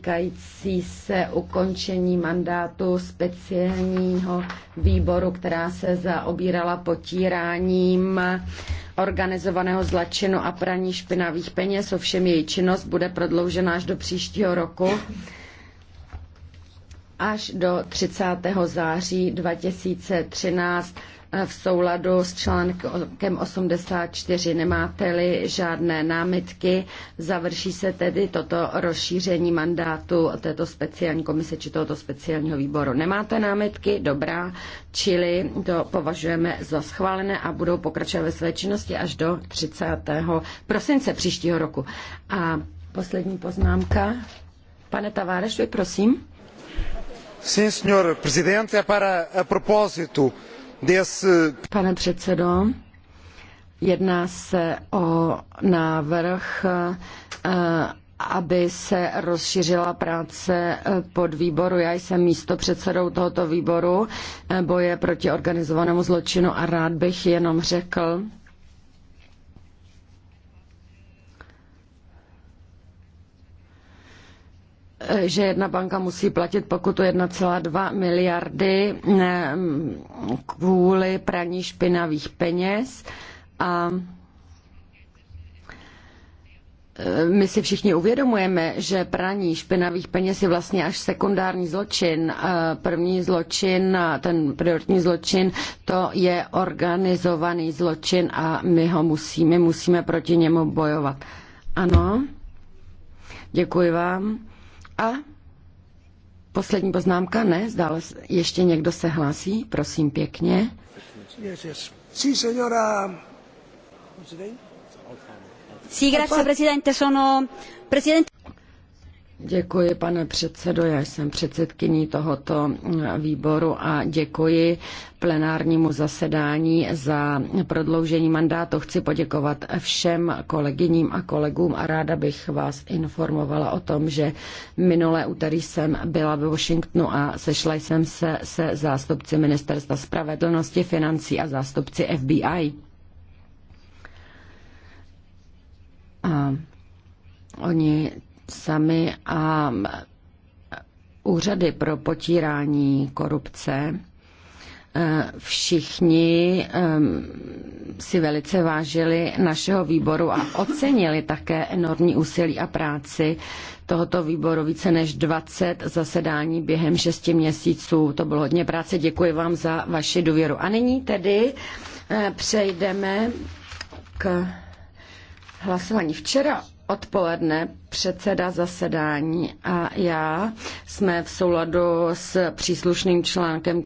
týkající se ukončení mandátu speciálního výboru, která se zaobírala potíráním organizovaného zlačinu a praní špinavých peněz. Ovšem její činnost bude prodloužena až do příštího roku až do 30. září 2013 eh, v souladu s článkem 84. Nemáte-li žádné námitky, završí se tedy toto rozšíření mandátu této speciální komise či tohoto speciálního výboru. Nemáte námitky? Dobrá, čili to považujeme za schválené a budou pokračovat ve své činnosti až do 30. prosince příštího roku. A poslední poznámka. Pane Taváreš, prosím. Pane předsedo, jedná se o návrh eh, aby se rozšířila práce eh, pod výboru. Já jsem místo tohoto výboru eh, boje proti organizovanému zločinu a rád bych jenom řekl, že jedna banka musí platit pokutu 1,2 miliardy eh, kvůli praní špinavých peněz a eh, my si všichni uvědomujeme, že praní špinavých peněz je vlastně až sekundární zločin. Eh, první zločin, ten prioritní zločin, to je organizovaný zločin a my ho musíme, musíme proti němu bojovat. Ano, děkuji vám. A poslední poznámka, ne, zdále ještě někdo se hlásí, prosím pěkně. Sí, señora... Sí, gracias, presidente. Sono... Presidente... Děkuji, pane předsedo. Já jsem předsedkyní tohoto eh, výboru a děkuji plenárnímu zasedání za prodloužení mandátu. Chci poděkovat všem kolegyním a kolegům a ráda bych vás informovala o tom, že minulé úterý jsem byla ve Washingtonu a sešla jsem se se zástupci Ministerstva spravedlnosti, financí a zástupci FBI. A oni sami a úřady pro potírání korupce eh, všichni ehm, si velice vážili našeho výboru a ocenili také enormní úsilí a práci tohoto výboru. Více než 20 zasedání během 6 měsíců. To bylo hodně práce. Děkuji vám za vaši důvěru. A nyní tedy eh, přejdeme k hlasování. Včera odpoledne předseda zasedání a já jsme v souladu s příslušným článkem